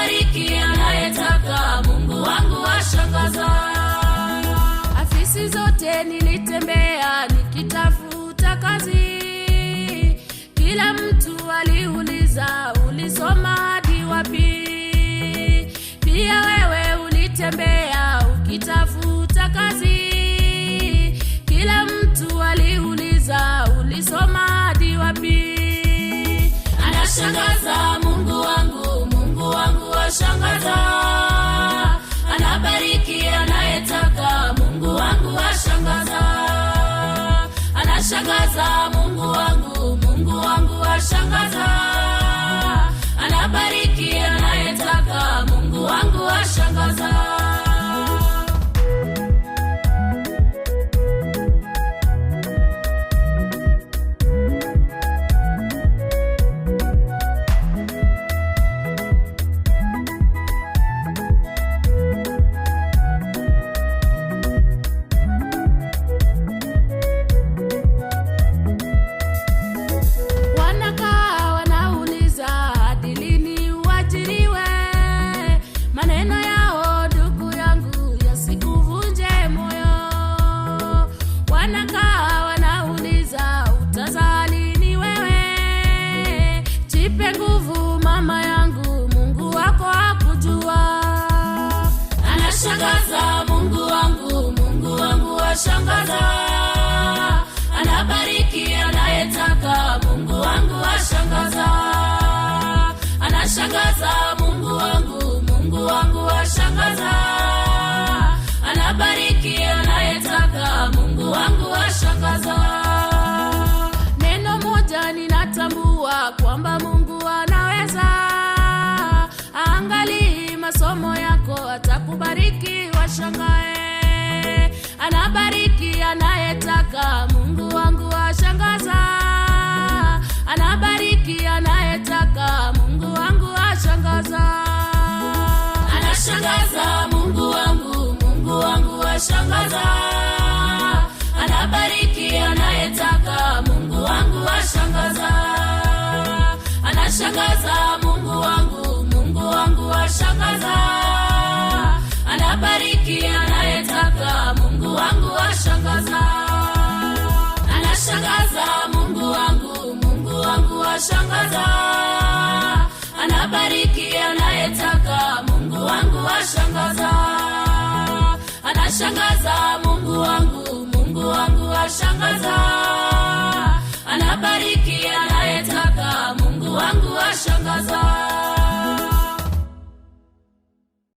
Bariki anayetaka, Mungu wangu washangaza. Afisi zote nilitembea ashangaza anabariki anayetaka. Mungu wangu ashangaza anashangaza. ashangaza, anabariki anayetaka. Mungu wangu anashangaza. Mungu wangu, Mungu wangu anabariki anayetaka. Mungu wangu Neno moja ninatambua kwamba Mungu anaweza, angalii masomo yako atakubariki, washangae anabariki anayetaka. Mungu wangu ashangaza anabariki anayetaka. Mungu wangu ashangaza anashangaza. Mungu wangu, Mungu wangu ashangaza anabariki anayetaka anashangaza, Mungu wangu, Mungu wangu washangaza, anabariki anayetaka, Mungu wangu washangaza, anashangaza Mungu wangu, Mungu wangu washangaza, anabariki anayetaka, Mungu wangu washangaza.